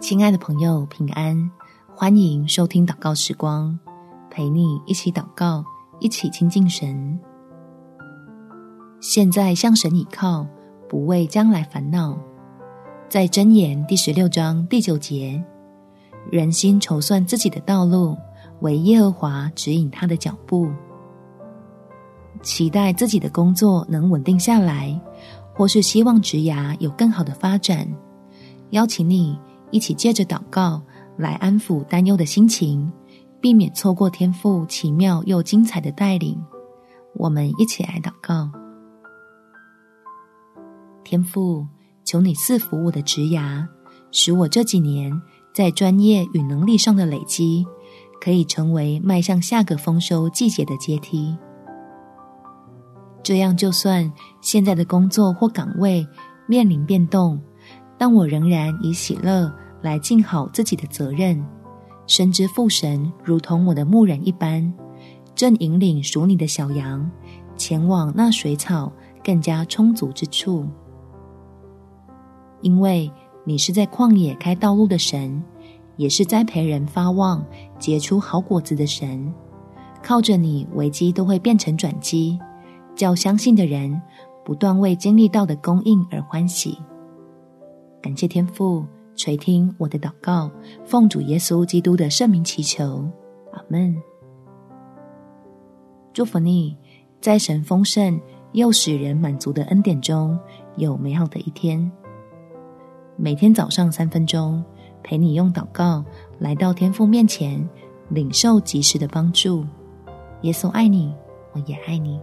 親愛的朋友，平安！歡迎收聽禱告時光，陪你一起禱告，一起親近神。現在向神倚靠，不為將來煩惱。在箴言第十六章第九節，人心籌算自己的道路，唯耶和華指引他的腳步。期待自己的工作能穩定下來，或是希望職涯有更好的發展，邀請你。一起借着禱告來安撫擔憂的心情，避免錯過天父奇妙又精彩的帶領。我們一起來禱告，天父，求你賜福我的職涯，使我這幾年在專業與能力上的累積，可以成為邁向下個豐收季節的階梯。這樣，就算現在的工作或崗位面臨變動。但我仍然以喜樂來盡好自己的責任，深知父神如同我的牧人一般，正引領屬你的小羊前往那水草更加充足之處。因為你是在曠野開道路的神，也是栽培人發旺、結出好果子的神。靠着你，危機都會變成轉機，叫相信的人不斷為經歷到的供應而歡喜。感謝天父垂聽我的禱告，奉主耶穌基督的聖名祈求，阿門。祝福你，在神豐盛又使人滿足的恩典中，有美好的一天。每天早上三分鐘，陪你用禱告來到天父面前，領受及時的幫助。耶穌愛你，我也愛你。